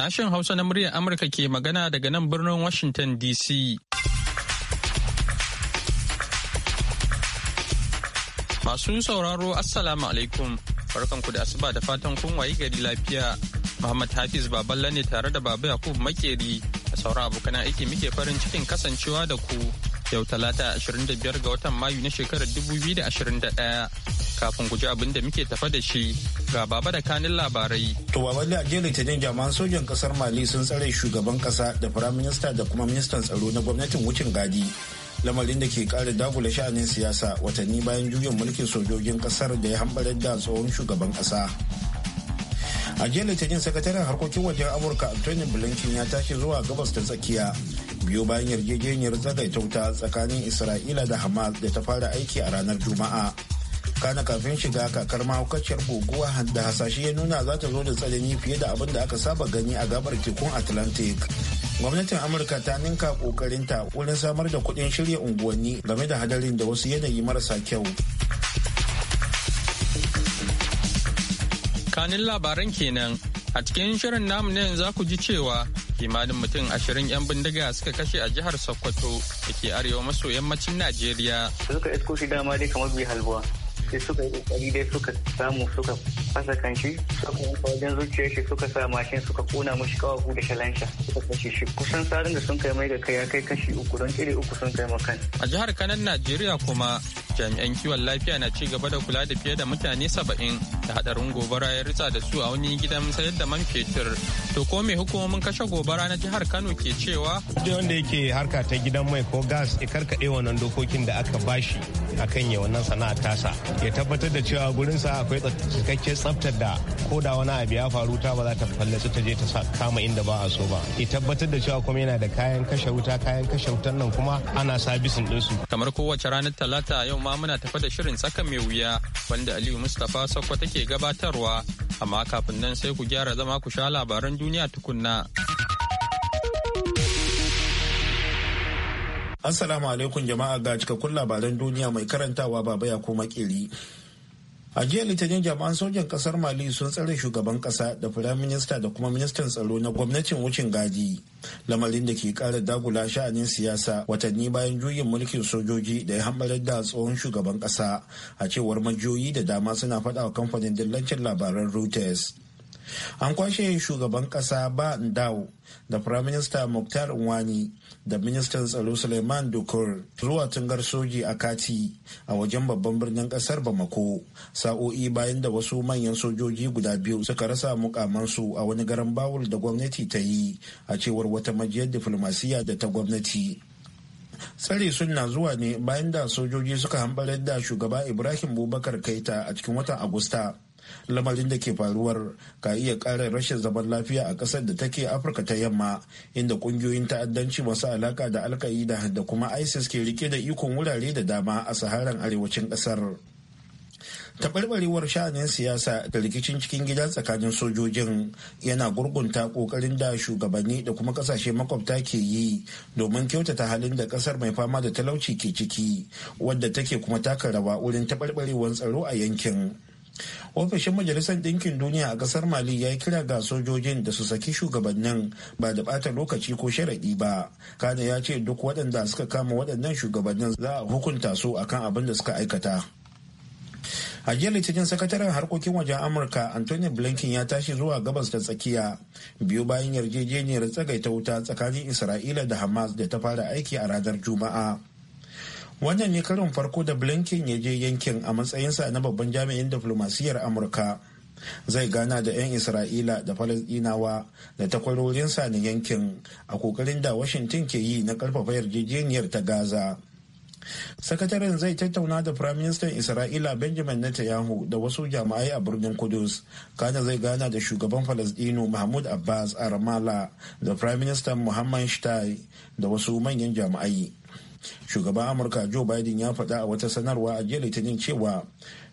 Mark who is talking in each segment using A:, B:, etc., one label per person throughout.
A: Sashen Hausa na muryar Amurka ke magana daga nan birnin Washington DC. Masu sauraro Assalamu alaikum. ku da asuba da fatan kun wayi gari lafiya. Muhammad Hafiz Baballa ne tare da Baba Yakub Makeri a sauran abokan aiki muke farin cikin kasancewa da ku. Yau talata 25 ga watan Mayu na shekarar 2021 kafin guji abin da muke tafa da shi ga baba da kanin labarai.
B: To baba da ajiyar litinin jami'an sojan kasar Mali sun tsare shugaban kasa da firaminista da kuma ministan tsaro na gwamnatin wucin gadi. lamarin da ke kare dagula sha'anin siyasa watanni bayan juyin mulkin sojojin kasar da ya hambarar da tsohon shugaban kasa. a jiya litinin sakataren harkokin wajen amurka antony blinken ya tashi zuwa gabas ta tsakiya biyu bayan yarjejeniyar tsagaita tsakanin isra'ila da hamas da ta fara aiki a ranar juma'a kana kafin shiga kakar mahaukaciyar guguwa da hasashe ya nuna za ta zo da tsanani fiye da abin da aka saba gani a gabar tekun atlantic gwamnatin amurka ta ninka kokarinta wurin samar da kudin shirya unguwanni game da hadarin da wasu yanayi marasa
A: kyau tsakanin labaran kenan a cikin shirin namu ne za ku ji cewa kimanin mutum ashirin 'yan bindiga suka kashe a jihar sokoto da ke arewa maso yammacin najeriya
C: suka isko shi dama dai kamar bai halbuwa sai suka yi kokari dai suka samu suka fasa kanshi suka yanka wajen zuciya shi suka sa mashin suka kona mashi kawagu da shalansha suka kashe shi kusan tsarin da sun kai mai da kai ya kai kashi uku don kire uku sun kai makan.
A: a jihar kanan najeriya kuma jami'an kiwon lafiya na ci gaba da kula da fiye da mutane saba'in da hadarin gobara ya ritsa da su a wani gidan sayar da man fetur to ko me hukumomin kashe gobara na jihar kano ke cewa
D: duk wanda yake harka ta gidan mai ko gas ya karkaɗe wannan dokokin da aka bashi akan ya wannan sana'a tasa ya tabbatar da cewa sa akwai cikakken tsaftar da ko da wani abu ya faru ta ba za ta fallaci ta je ta kama inda ba a so ba ya tabbatar da cewa kuma yana da kayan kashe wuta kayan kashe wutan nan kuma ana sabisin su.
A: kamar kowace ranar talata yau ma muna tafa da shirin tsakan mai wuya wanda aliyu mustapha sakwa take gabatarwa amma kafin nan sai ku gyara zama ku sha labaran duniya tukunna.
B: Assalamu alaikum jama'a ga cikakkun labaran duniya mai karantawa baba ya koma kiri. A jiya litinin jami'an sojan kasar Mali sun tsare shugaban kasa da firayim minista da kuma ministan tsaro na gwamnatin wucin gadi. Lamarin da ke kara dagula sha'anin siyasa watanni bayan juyin mulkin sojoji da ya hambarar da tsohon shugaban kasa a cewar majiyoyi da dama suna faɗa wa kamfanin dillancin labaran Reuters. an kwashe shugaban kasa ba ndawo da firaminista muktar wani da ministan tsaro suleiman dukur zuwa tungar soji a kati a wajen babban birnin kasar bamako sa'o'i bayan da wasu manyan sojoji guda biyu suka rasa mukamansu a wani garin bawul da gwamnati ta yi a cewar wata majiyar diflomasiyya da ta gwamnati tsare na zuwa ne bayan da sojoji suka hambarar da shugaba ibrahim bubakar kaita a cikin watan agusta lamarin da ke faruwar ka iya ƙara rashin zaman lafiya a ƙasar da take afirka ta yamma inda ƙungiyoyin ta'addanci masu alaka da alka'ida da kuma isis ke rike da ikon wurare da dama a saharan arewacin ƙasar taɓarɓarewar sha'anin siyasa da rikicin cikin gida tsakanin sojojin yana gurgunta ƙoƙarin da shugabanni da kuma ƙasashe makwabta ke yi domin kyautata halin da ƙasar mai fama da talauci ke ciki wadda take kuma taka rawa wurin taɓarɓarewar tsaro a yankin ofishin majalisar ɗinkin duniya a ƙasar mali ya yi kira ga sojojin da su saki shugabannin ba da ɓata lokaci ko sharaɗi ba kada ya ce duk waɗanda suka kama waɗannan shugabannin za a hukunta su akan abin da suka aikata a jiya litinin sakataren harkokin wajen amurka anthony blinken ya tashi zuwa gabas da tsakiya biyu bayan yarjejeniyar tsagaita wuta tsakanin isra'ila da hamas da ta fara aiki a ranar juma'a wannan ne karin farko da blinken ya je yankin a matsayinsa na babban jami'in diflomasiyyar amurka zai gana da 'yan isra'ila da falasdinawa da takwarorinsa na yankin a kokarin da washington ke yi na karfafa yarjejeniyar ta gaza sakataren zai tattauna da firaministan isra'ila benjamin netanyahu da wasu jama'ai a birnin kudus kana zai gana da shugaban falasdino mahmud abbas a ramallah da firaministan muhammad shtai da wasu manyan jama'ai. shugaban amurka joe biden ya faɗa a wata sanarwa a jiya litinin cewa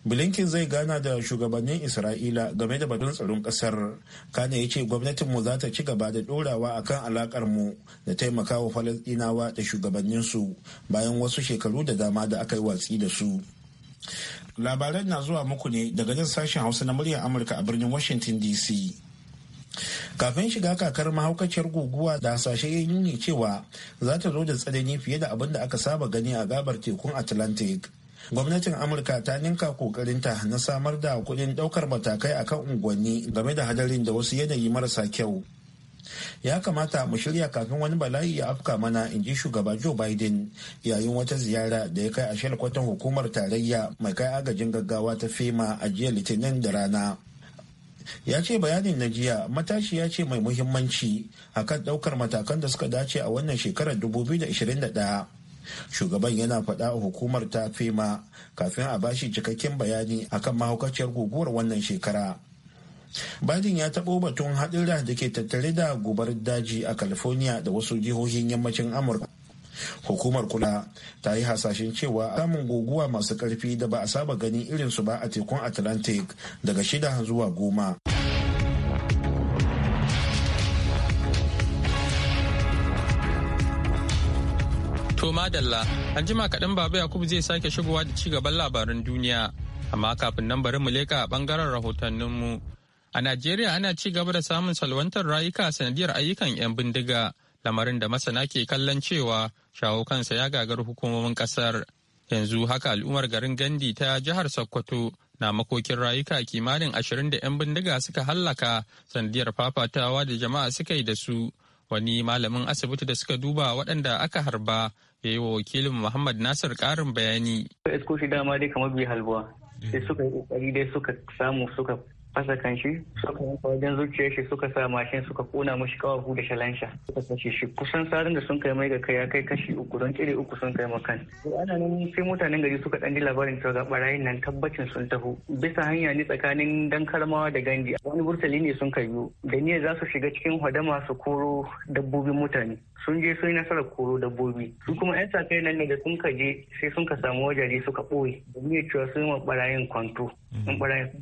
B: blinken zai gana da shugabannin isra'ila game da batun tsaron ƙasar kana ya ce gwamnatinmu za ta ci gaba da ɗorawa a kan alaƙarmu da taimakawa falasɗinawa da shugabanninsu bayan wasu shekaru da dama da aka yi watsi da su labaran na zuwa muku ne daga nan sashen hausa na muryar amurka a birnin washington dc kafin shiga kakar mahaukaciyar guguwa da hasashe ya nuni cewa za ta zo da tsanani fiye da abin da aka saba gani a gabar tekun atlantic gwamnatin amurka ta ninka kokarinta na samar da kudin daukar matakai akan unguwanni game da hadarin da wasu yanayi marasa kyau ya kamata mu shirya kafin wani bala'i ya afka mana in ji shugaba joe biden yayin wata ziyara da ya kai a shalkwatan hukumar tarayya mai kai agajin gaggawa ta fema a jiya litinin da rana ya ce bayanin na jiya matashi ya ce mai muhimmanci akan daukar matakan da suka dace a wannan shekarar 2021 shugaban yana faɗa a hukumar ta fema kafin a bashi cikakken bayani akan mahaukaciyar guguwar wannan shekara Biden ya taɓo batun haɗura da ke tattare da gobar daji a California da wasu jihohin yammacin Amurka. hukumar kula ta yi hasashen cewa samun guguwa masu karfi da ba a saba gani irin su ba a tekun atlantic daga shida zuwa goma
A: to madalla an jima kaɗan baba yakubu zai sake shigowa da ci gaban labaran duniya amma kafin nan bari mu leka a ɓangaren rahotanninmu a najeriya ana ci gaba da samun salwantar rayuka sanadiyar ayyukan 'yan bindiga lamarin da masana ke kallon cewa shawo kansa ya gagar hukumomin kasar yanzu haka al'ummar garin gandi ta jihar sokoto na makokin rayuka kimanin ashirin da 'yan bindiga suka hallaka sandiyar fafatawa da jama'a suka yi da su wani malamin asibiti da suka duba waɗanda aka harba ya yi wa wakilin muhammad nasir ƙarin bayani. dai kamar
C: suka dai suka samu suka fasa kan shi suka wajen zuciyar shi suka sa mashin suka kona mashi kawafu da shalansha suka kashe shi kusan sarin da sun kai mai ga kai ya kai kashi uku don kire uku sun kai makan ana nan sai mutanen gari suka dan ji labarin cewa ga barayin nan tabbacin sun taho bisa hanya ne tsakanin dan karmawa da ganji wani burtali ne sun kayo da niyyar za su shiga cikin hadama su koro dabbobin mutane sun je sun yi nasarar koro dabbobi su kuma yan sa kai nan ne da sun ka je sai sun ka samu wajaje suka ɓoye da niyyar cewa sun yi wa barayin kwanto in barayin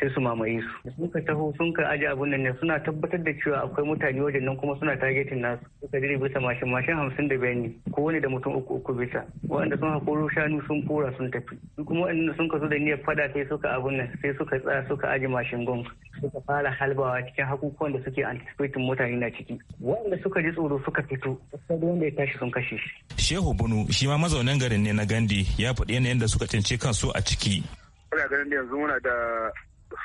C: sai su mamaye tambaye su suka taho sun ka aji abun nan suna tabbatar da cewa akwai mutane wajen nan kuma suna targetin nasu suka jiri bisa mashin mashin hamsin da biyar ne ko wani da mutum uku uku bisa waɗanda sun haƙoro shanu sun kora sun tafi su kuma waɗanda sun ka zo da niyyar fada sai suka abun nan sai suka tsaya suka aji mashin gong suka fara halbawa cikin hakukuwan da suke anticipating mutane na ciki waɗanda suka ji tsoro suka fito sai wanda ya tashi sun kashe shi.
E: Shehu Bunu shi ma mazaunin garin ne na Gandi ya faɗi yanayin da suka kan kansu a ciki.
B: Kuna ganin yanzu muna da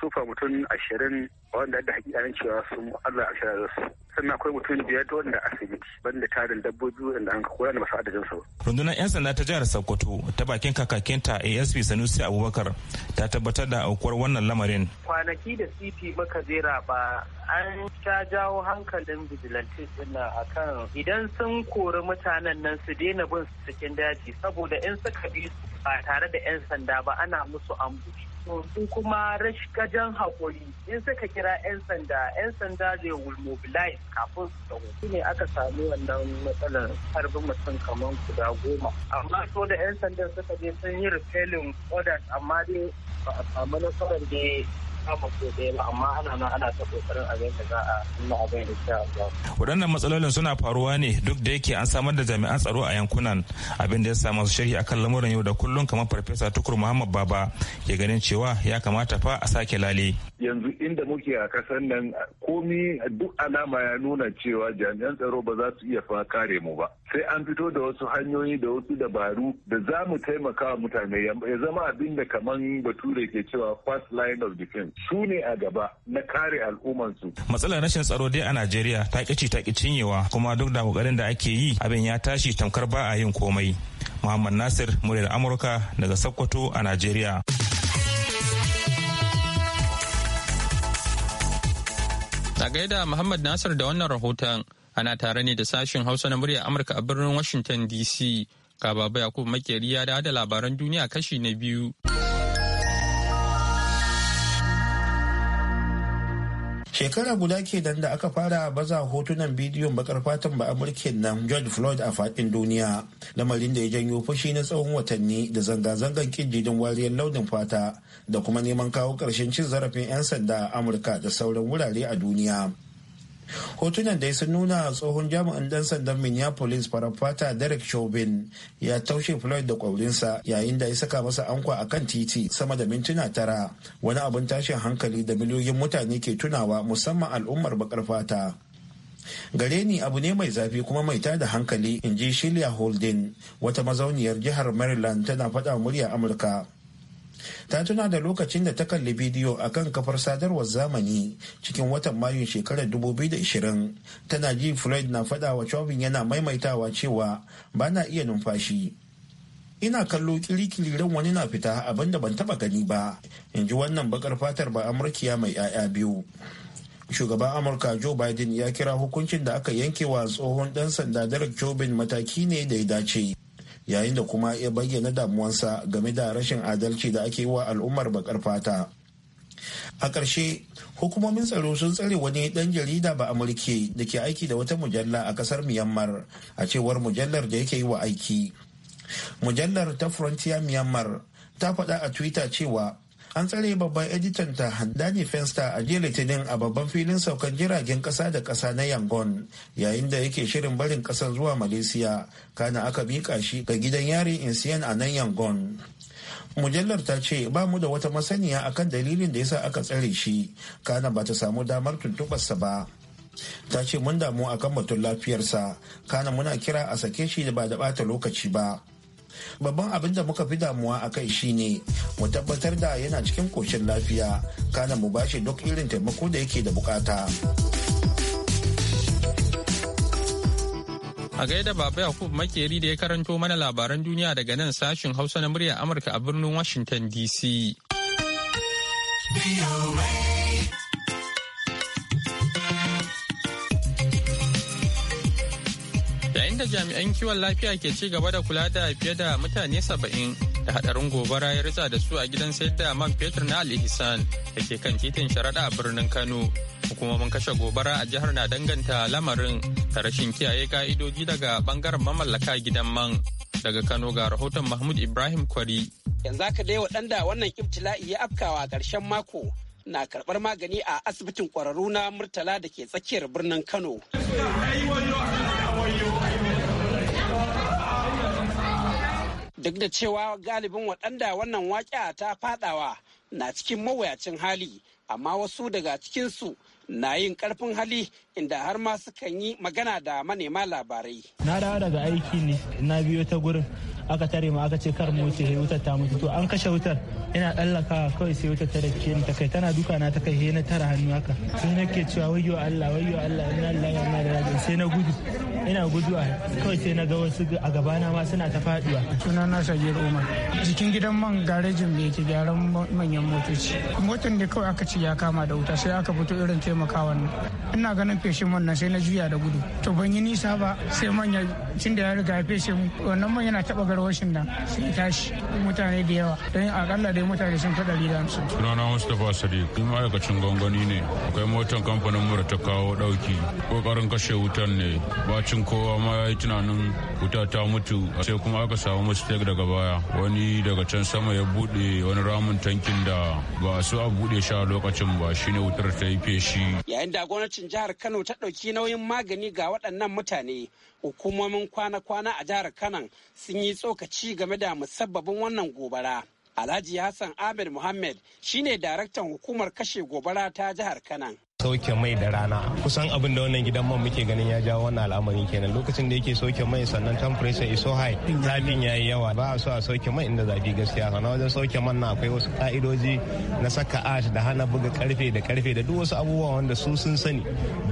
B: sufa mutum ashirin wanda da hakikanin cewa sun Allah a shirar su sannan akwai mutum biyar wanda asibiti banda tarin dabbobi wanda an koya da masu adadin su.
E: rundunar 'yan sanda ta jihar sokoto ta bakin kakakinta asp sanusi abubakar ta tabbatar da aukuwar wannan lamarin. kwanaki da cp muka zera
C: ba an ta jawo hankalin vigilantes din akan idan sun kori mutanen nan su daina bin su cikin daji saboda in suka bi su ba tare da 'yan
F: sanda ba ana musu ambushi sun kuma rashin haƙuri in suka kira 'yan
A: sanda 'yan sanda zai will mobilize kafin su dawo shi ne aka sami wannan matsalar harbin mutum kamar guda goma amma so da 'yan sandan suka je sun yi repelling orders amma dai ba a samu nasarar da kama ko ɗaya ba amma ana nan ana ta kokarin za a nuna abin
E: Waɗannan matsalolin suna faruwa ne duk da yake an samar da jami'an tsaro a yankunan abin da ya sa masu sharhi akan lamuran yau da kullum kamar Farfesa Tukur Muhammad Baba ke ganin cewa ya kamata fa a sake lale.
B: yanzu inda muke a kasar
F: nan komi duk alama ya nuna cewa jami'an tsaro ba za su iya fa kare mu ba sai an fito da wasu hanyoyi da wasu dabaru da za mu taimaka wa mutane ya zama abin da kaman bature ke cewa first line of defense su ne a gaba na kare
B: al'ummansu.
E: matsalar rashin tsaro dai a najeriya ta kici ta cinyewa kuma duk da kokarin da ake yi abin ya tashi tamkar ba a yin komai muhammad nasir muryar amurka daga sokoto a
A: najeriya. A gaida Muhammad Nasir da wannan rahoton ana tare ne da sashen Hausa na murya Amurka a birnin Washington DC. ga babu Yakubu Makeri ya da labaran duniya kashi na biyu.
B: shekara guda kenan da aka fara baza hotunan bidiyon bakar fatan ba amurkin nan george floyd a fadin duniya lamarin da ya janyo fushi na tsawon watanni da zanga-zangan kijidin wariyar launin fata da kuma neman kawo ƙarshen cin zarafin 'yan sanda a amurka da sauran wurare a duniya hotunan dai sun nuna tsohon jami'in dan sandan minneapolis fata derek chauvin ya taushe floyd da kwaurinsa yayin da ya saka masa ankwa a kan titi sama da mintuna tara wani abin tashin hankali da miliyoyin mutane ke tunawa musamman al'ummar bakar fata gare ni abu ne mai zafi kuma mai tada hankali in ji shilia holding wata mazauniyar jihar maryland tana faɗa murya amurka ta tuna da lokacin da ta kalli bidiyo a kan kafar sadarwar zamani cikin watan mayu shekarar 2020 tana ji floyd na faɗa wa chauvin yana maimaitawa cewa ba na iya numfashi ina kallo kirikiriren wani na fita abin da ban taba gani ba in ji wannan bakar fatar ba amurkiya mai 'ya'ya biyu shugaban amurka joe biden ya kira hukuncin da aka yanke wa tsohon dan sanda derek chauvin mataki ne da ya dace yayin da kuma ya bayyana damuwansa game da rashin adalci da ake yi wa al'ummar bakar fata a ƙarshe hukumomin tsaro sun tsare wani ɗan jarida ba amurke da ke aiki da wata mujalla a ƙasar myanmar a cewar mujallar da yake yi wa aiki mujallar ta frontier myanmar ta faɗa a twitter cewa an tsare babban editan ta handani fenster a jiya litinin a babban filin saukan jiragen kasa da kasa na yangon yayin da yake shirin barin kasar zuwa malaysia kana aka mika shi ga gidan yari insiyan a nan yangon mujallar ta ce ba mu da wata masaniya akan dalilin da yasa aka tsare shi kana ba ta samu damar tuntubarsa ba ta ce mun damu akan batun lafiyarsa kana muna kira a sake shi da ba da bata lokaci ba babban abin da muka fi damuwa a kai shine mu tabbatar da yana cikin koshin lafiya kana mu bashi duk irin taimako da yake da bukata
A: a gaida baba yakub makeri da ya karanto mana labaran duniya daga nan sashin hausa na muryar amurka a birnin washington dc da jami'an kiwon lafiya ke ci gaba da kula da fiye da mutane saba'in da hadarin gobara ya ritsa da su a gidan sayar da man fetur na alihisan da ke kan titin sharaɗa a birnin kano hukumomin kashe gobara a jihar na danganta lamarin da rashin kiyaye ka'idoji daga bangaren mamallaka gidan man daga kano ga rahoton mahmud ibrahim kwari yanzu haka dai
G: waɗanda wannan ibtila'i ya afkawa ƙarshen mako na karɓar magani a asibitin ƙwararru na murtala da ke tsakiyar birnin kano. duk da cewa galibin waɗanda wannan waƙa ta fadawa na cikin mawuyacin hali amma wasu daga cikinsu na yin ƙarfin hali inda har ma sukan yi magana da manema labarai. Na dawo daga
E: aiki ne na biyo ta gurin aka tare ma aka ce kar mu wuce sai wutar ta mutu to an kashe wutar ina tsallaka kawai sai wutar ta dake ni ta kai tana duka na ta kai he na tara hannu haka sai nake cewa wayyo Allah wayyo Allah inna lillahi wa inna ilaihi raji'un sai na gudu ina gudu kawai
G: sai na ga wasu a gabana ma suna ta faduwa suna na Sagir Umar jikin gidan man garejin da yake gyaran manyan motoci motan da kawai aka ce ya kama da wuta sai aka fito irin taimakawan ina ganin feshin wannan sai na juya da gudu to ban yi nisa ba sai manya cin da ya riga ya feshe wannan man yana taɓa garwashin nan sai tashi mutane da yawa don akalla dai mutane sun fi ɗari da na
A: sunana mustapha sadiq ni ma'aikacin gwangwani ne akwai motar kamfanin mura ta kawo ɗauki kokarin kashe wutan ne bacin kowa ma ya yi tunanin wuta ta mutu sai kuma aka samu mistake daga baya wani daga can sama ya buɗe wani ramin tankin da ba su a buɗe shi a lokacin ba shine wutar ta yi feshi.
G: yayin da gwamnatin jihar kano ta ɗauki nauyin magani ga waɗannan mutane hukumomin kwana-kwana a jihar kanan sun yi tsokaci game da musabbabin wannan gobara alhaji hassan ahmed muhammad shine daraktan hukumar kashe gobara ta jihar kanan
B: sauke
D: mai da rana kusan abin da wannan gidan man muke ganin ya jawo wannan al'amarin kenan lokacin da yake sauke mai sannan temperature is so high zafin yi yawa ba a so a sauke mai inda zafi gaskiya sannan wajen sauke man na akwai wasu ka'idoji na saka ash da hana buga karfe da karfe da duk wasu abubuwa wanda su sun sani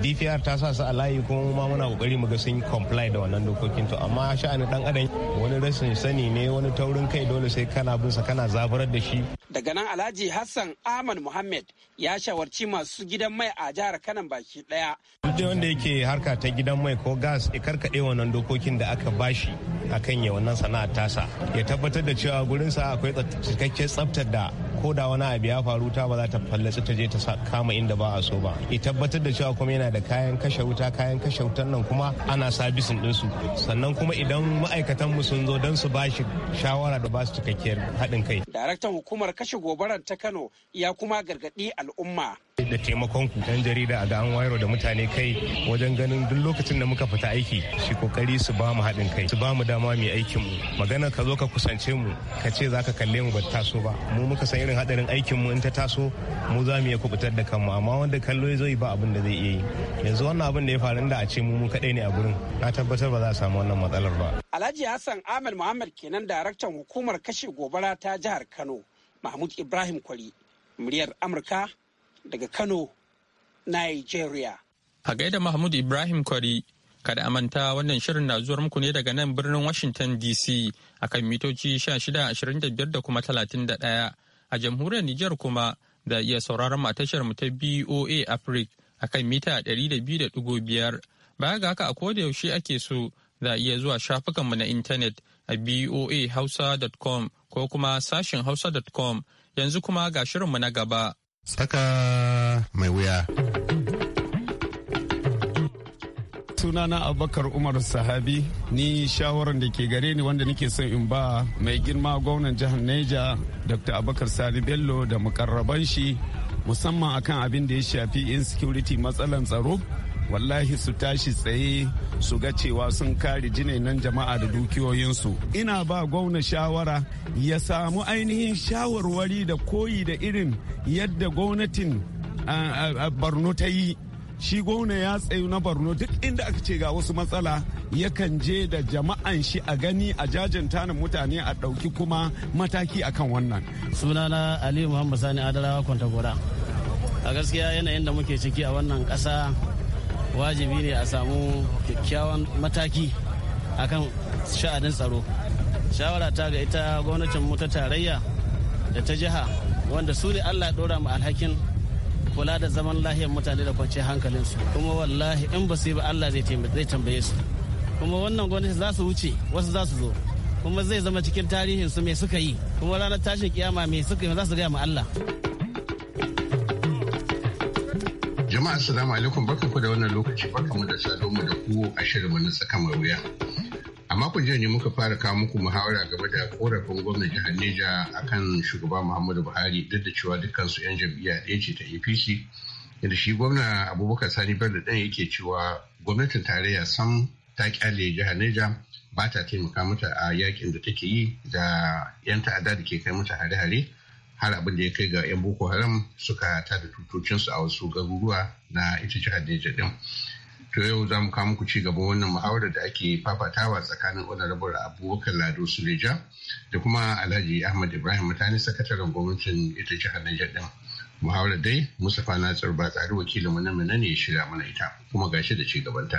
D: DPR ta sa su a layi kuma ma muna kokari mu ga sun comply da wannan dokokin to amma sha'anin dan adam wani rashin sani ne wani taurin kai dole sai kana bin sa kana zaburar da shi
G: daga nan Alhaji Hassan Ahmad Muhammad ya shawarci masu gidan mai a jihar kanan baki daya
D: duk wanda yake harka ta gidan mai ko gas ya karkaɗe wannan dokokin da aka bashi akan ya wannan sana'a tasa ya tabbatar da cewa gurinsa akwai cikakken tsaftar da ko da wani abu ya faru ta ba za ta fallasa ta je ta kama inda ba a so ba ya tabbatar da cewa kuma yana da kayan kashe wuta kayan kashe wutan nan kuma ana sabisin din su sannan kuma idan ma'aikatan mu sun zo don su ba shi shawara da basu su cikakkiyar haɗin kai
G: daraktan hukumar kashe gobarar ta kano ya kuma gargaɗi al'umma
D: da taimakon ku dan jarida a ga an wayar da mutane kai wajen ganin duk lokacin da muka fita aiki shi kokari su ba mu haɗin kai su ba mu dama mu aikin mu magana ka zo ka kusance mu ka ce za ka kalle mu ba taso ba mu muka san irin hadarin aikin mu in ta taso mu za mu iya kubutar da kanmu amma wanda kallo ya zo ba abin da zai iya yi yanzu wannan abin da ya faru da a ce mu mu kaɗai ne a gurin na tabbatar ba za a samu wannan
F: matsalar ba.
G: Alhaji Hassan Ahmed Muhammad kenan daraktan hukumar kashe gobara ta jihar Kano Mahmud Ibrahim Kwari muryar Amurka daga Kano, Nigeria.
A: A gaida Mahmud Ibrahim Kwari, kada amanta wannan shirin na zuwar muku ne daga nan birnin Washington DC akan mitoci 1625 da kuma 31 a jamhuriyar Nijar kuma da iya sauraron tashar mu ta BOA Africa akan mita 200.5 baya ga haka a koda yaushe ake so za iya zuwa shafukanmu na intanet a boahausa.com ko kuma sashin hausa.com yanzu kuma ga shirinmu na gaba.
H: Saka mai wuya.
D: sunana abubakar umar sahabi ni shawaran da ke gare ni wanda nake son in ba mai girma gwamnan jihar neja dr abubakar sani bello da mukarraban shi musamman akan abin da ya shafi insecurity matsalan tsaro wallahi su tashi tsaye su ga cewa sun kare jinainan jama'a da dukiyoyinsu ina ba gwamna shawara ya samu ainihin shawarwari da koyi da irin yadda gwamnatin Barno ta yi shi gwamna ya tsayu na Barno duk inda aka ce ga wasu matsala yakan je da jama'an shi a gani a jajanta tanin mutane a ɗauki kuma mataki akan wannan
F: sunana ali muhammad sani adarawa kwantagora a gaskiya yanayin da muke ciki a wannan ƙasa wajibi ne a samu kyakkyawan mataki akan sha'anin tsaro shawara ta ga ita gwamnatin ta tarayya da ta jiha wanda su ne allah ɗora mu alhakin kula da zaman lahiyar mutane da kwanciyar hankalinsu kuma wallahi in ba su yi ba allah zai tambaye su kuma wannan gwamnati za
B: su wuce wasu za su zo kuma zai zama cikin tarihin su me suka yi kuma ranar tashin kiyama me suka yi za su gaya ma allah
H: Jama'a assalamu alaikum ku da wannan lokaci barkanmu da mu da ku a shirin na tsaka mai wuya. A makon jiya ne muka fara kawo muku muhawara game da korafin gwamnan jihar Neja akan shugaba Muhammadu Buhari duk da cewa dukkansu 'yan jam'iyya ɗaya ce ta APC. Yadda shi gwamna Abubakar Sani Bello ɗan yake cewa gwamnatin tarayya sam ta kyale jihar Neja ba ta taimaka mata a yakin da take yi da 'yan ta'adda da ke kai mata hare-hare har abin da ya kai ga 'yan boko haram suka da tutocinsu a wasu garuruwa na ita jihar Neja din. To yau za mu kawo muku ci gaban wannan muhawara da ake fafatawa tsakanin honorable abubakar lado suleja da kuma alhaji ahmad ibrahim mutane sakataren gwamnatin ita jihar Neja din. Muhawarar dai Mustapha Nasir ba tsari wakilin mu na ne ya shirya mana ita kuma gashi da ci gabanta.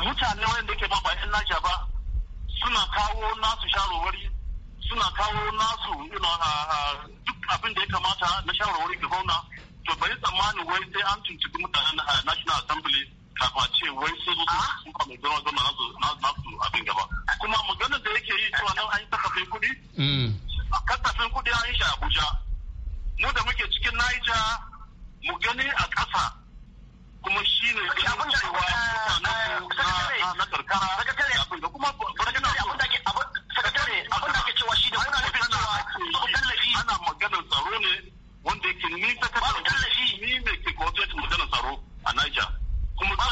F: Mutane wanda ke ba yan naja ba suna kawo nasu shawarwari suna kawo nasu duk abin da ya kamata na shawarwar ga to bai tsammanin wai sai an tuntubi mutanen national assembly kafa ce wai sai ah? sun kwame zama zama nasu abin gaba kuma maganar da yake yi cewa nan an yi kasafin kuɗi mm. a kasafin kuɗi an yi shi abuja mu da muke cikin naija mu gani a ƙasa kuma shi ne abin cewa eh, mutanen eh, na karkara da kuma maganar tsaro ne wanda yake ni ta kasar ni ne ke kotu maganar tsaro a Niger. Kuma ba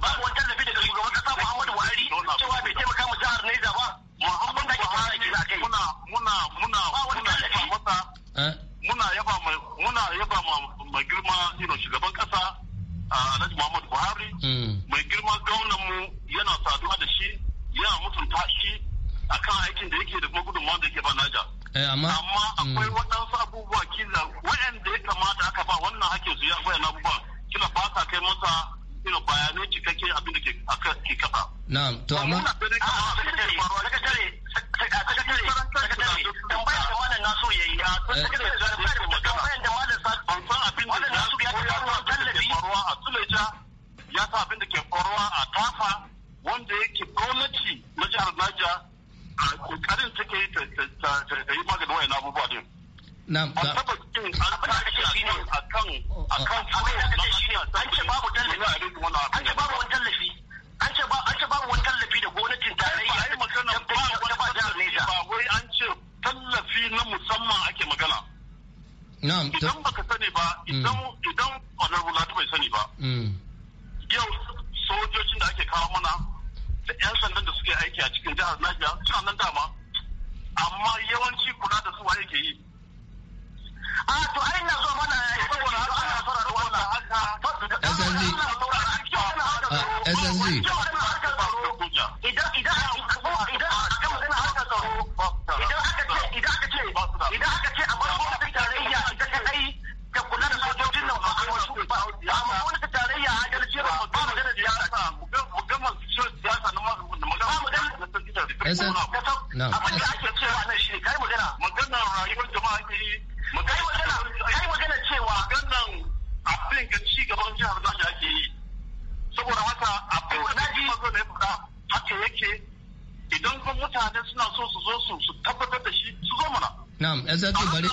F: ba akan abin da an ce babu tallafi an ce babu wani tallafi an ce ba an ce babu wani tallafi da gwamnatin tarayya ai magana ba wani ba jihar ba wai an ce tallafi na musamman ake magana na'am idan baka sani ba mm. idan idan honorable bai sani ba mm. yanzu ce bari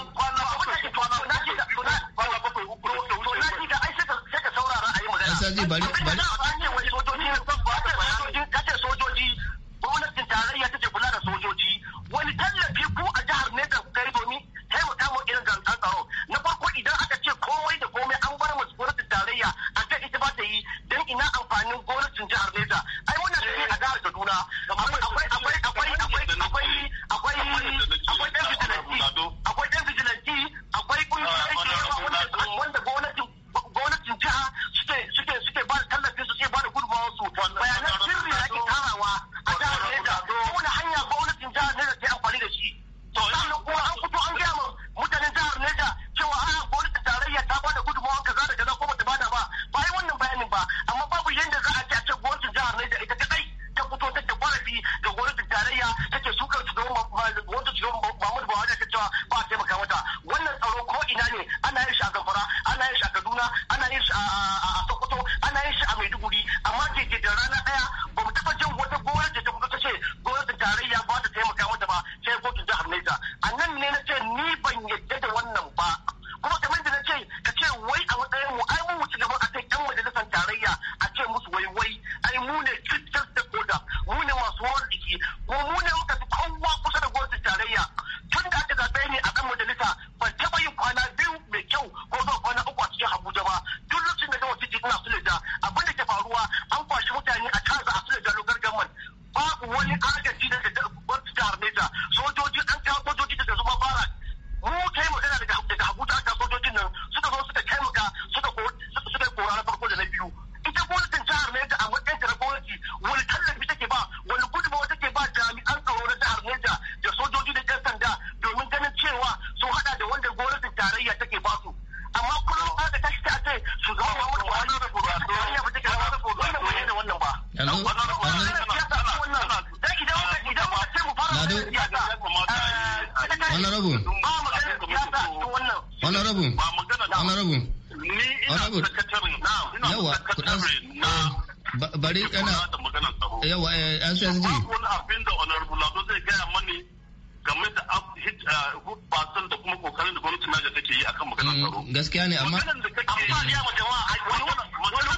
F: ambaliya ma jama'a wani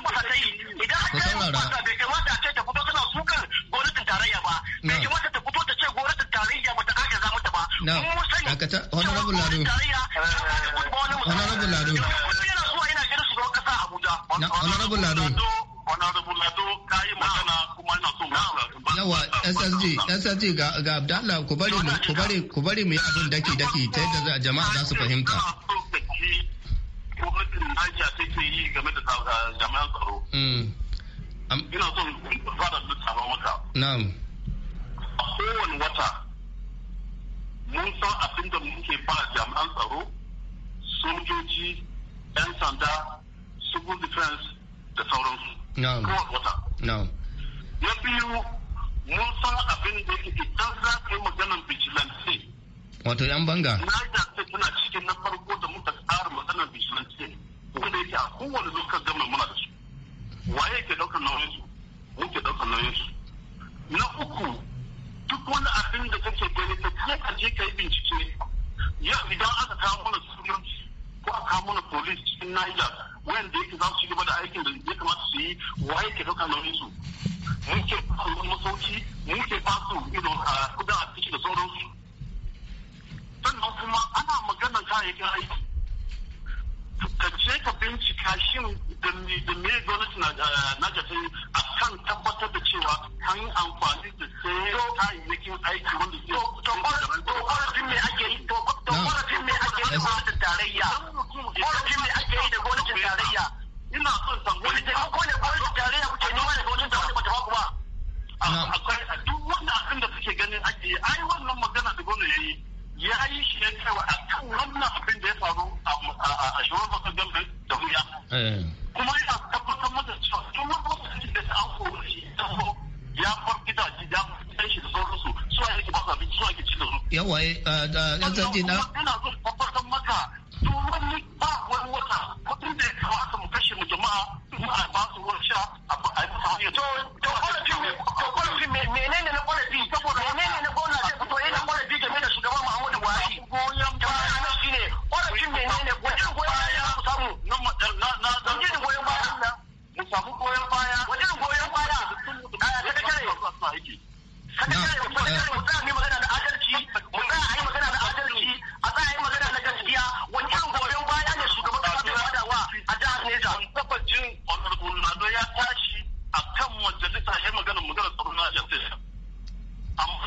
F: kwasa ta yi idan an kai kwasa bai kamata a ce ta fito sukan gwamnatin tarayya ba bai kamata ta fito ta ce gwamnatin tarayya ba ta aka za mata ba mun sani honorable lado honorable lado so lado yawa
D: ssg ssg ga abdallah ku bari mu yi abin daki daki ta yadda jama'a za su fahimta
F: jami'an tsaro. Hmm. Ina son fara littafa maka. Na'am. A kowane wata mun san abin da muke ba jami'an tsaro, sojoji, 'yan sanda, civil defense da sauransu. Na'am. Kowane wata. Na'am. Na biyu mun san abin da yake idan za ka yi maganar vigilante.
D: Wato 'yan banga?
F: Na yi da tana cikin na farko da muka tsara maganar vigilante. Wanda yake a kowane lokacin gama muna da su. waye ke dauka nauyin su ke dauka nauyin su na uku duk wani abin da kake gani ta kai a je kai bincike ya idan aka kawo mana sojoji ko aka kawo mana police cikin Niger da yake za su gaba da aikin da ya kamata su yi waye ke dauka nauyin su mun ba su masauki ke ba su ido a ciki da sauransu sannan kuma ana maganar kayayyakin aiki ka je ka bincika shin da me gwamnati na gasa eh, a kan tabbatar da cewa an yi amfani da sai yau yi kayayyakin aiki wanda zai to korafin me ake yi to korafin me ake yi da gwamnatin tarayya korafin me ake yi da gwamnatin tarayya ina son san wani taimako ne gwamnatin tarayya kuke nema da gwamnatin da ba ta ba kuma ba akwai a duk wanda abin da suke ganin ake yi ai wannan magana da gwamnati ya yi ya yi shi ne cewa a kan wannan abin da ya faru a shugaban kasar gambe da huya eh. 我位，呃、诶，一阵先啦。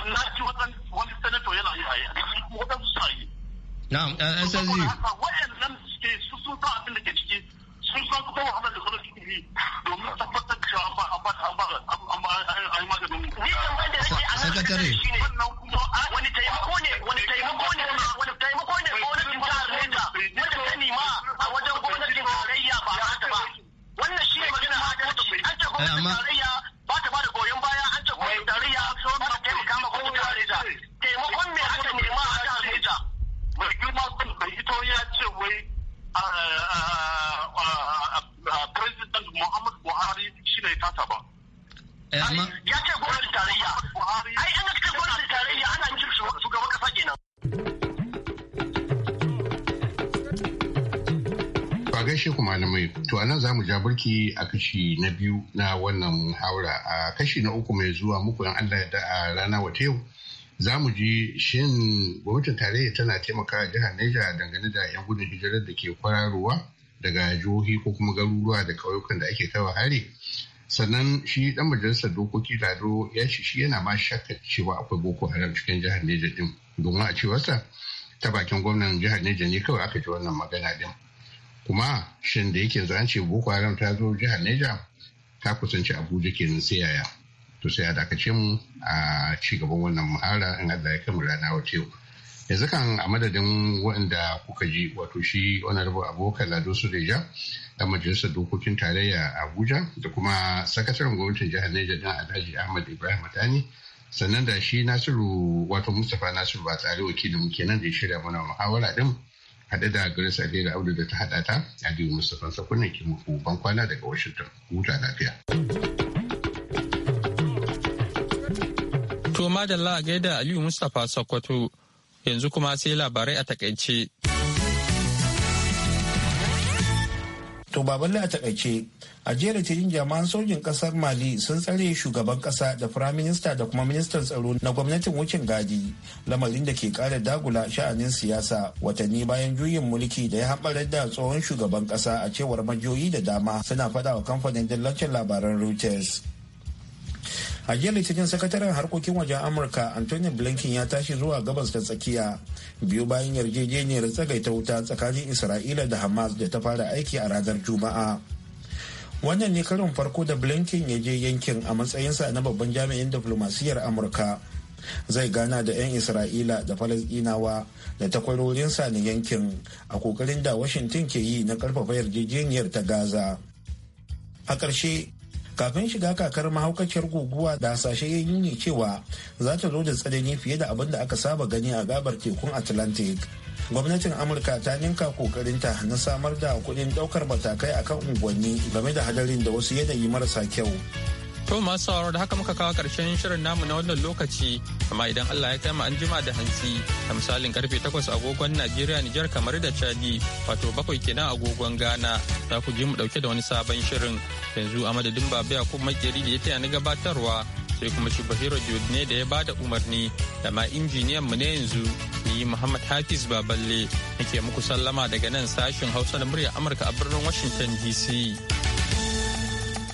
F: na ji wani sanato yana yi a yi waɗansu suna yi na'am ɗan uh, sanzi waɗannan suke su sun san abin da ke ciki sun san kuma wahalar da kuma suke yi domin tabbatar da cewa an ba an ba an ba an yi maganin sakatare
H: a gaishe ku malamai, to a nan za mu ja birki a kashi na biyu na wannan haura a kashi na uku mai zuwa muku yan Allah da a rana wata yau. Za mu ji shin gwamnatin tarayya tana taimakawa jihar Neja dangane da 'yan gudun hijirar da ke kwararowa daga jihohi ko kuma garuruwa da kauyukan da ake kawo hari. Sannan shi dan majalisar dokoki Lado ya ce shi yana ma shakka cewa akwai Boko Haram cikin jihar Neja din Domin a cewarsa ta bakin gwamnan jihar Neja ne kawai aka ji wannan magana din. kuma shin da yake zance boko haram ta zo jihar neja ta kusanci abuja kenan sai yaya to sai a dakace mu a ci gaban wannan muhara in allah ya kama rana wa yau yanzu kan a madadin waɗanda kuka ji wato shi rabu abokan lado suleja da majalisar dokokin tarayya a abuja da kuma sakataren gwamnatin jihar neja din alhaji ahmad ibrahim matani sannan da shi nasiru wato mustapha nasiru ba tsari wakilin mu kenan da ya shirya mana muhawara din haɗe da Grace Adira Audu da ta haɗa ta, Adiyu Mustapha Sakunan ke muku ban kwana daga Washington.
A: Huta lafiya. To madalla a gaida Aliyu Mustapha Sokoto yanzu kuma sai labarai a takaice.
B: To baballe a takaice, a jiya litinin jami'an sojin kasar Mali sun tsare shugaban kasa da firaminista da kuma ministan tsaro na gwamnatin wucin gadi, lamarin da ke kara dagula sha'anin siyasa watanni bayan juyin mulki da ya haɓarar da tsohon shugaban kasa a cewar majiyoyi da dama suna faɗa wa kamfanin dillancin labaran Reuters. a jiya litinin sakataren harkokin wajen amurka anthony blinken ya tashi zuwa gabas da tsakiya biyu bayan yarjejeniyar tsagaita wuta tsakanin isra'ila da hamas da ta fara aiki a ranar juma'a wannan ne karin farko da blinken ya je yankin a matsayinsa na babban jami'in diflomasiyyar amurka zai gana da 'yan isra'ila da falasdinawa da takwarorinsa na yankin a kokarin da washington ke yi na karfafa yarjejeniyar ta gaza a ƙarshe kafin shiga kakar mahaukaciyar guguwa da hasashe ya nuni cewa za ta zo da tsanani fiye da abin da aka saba gani a gabar tekun atlantic gwamnatin amurka ta ninka kokarinta na samar da kudin daukar matakai akan unguwanni game da hadarin da wasu yanayi marasa kyau
A: To masu sauraro da haka muka kawo karshen shirin namu na wannan lokaci, amma idan Allah ya kai mu an jima da hantsi, a misalin karfe 8 agogon Najeriya Nijar kamar da Chadi, wato bakwai kenan agogon Ghana, za ku je mu dauke da wani sabon shirin. Yanzu a madadin Baba kuma Makeri da ya taya na gabatarwa, sai kuma shi Bahiro ne da ya ba da umarni, da ma injiniyan mu ne yanzu, ni Muhammad Hafiz Baballe, nake muku sallama daga nan sashin Hausa na murya Amurka a birnin Washington DC.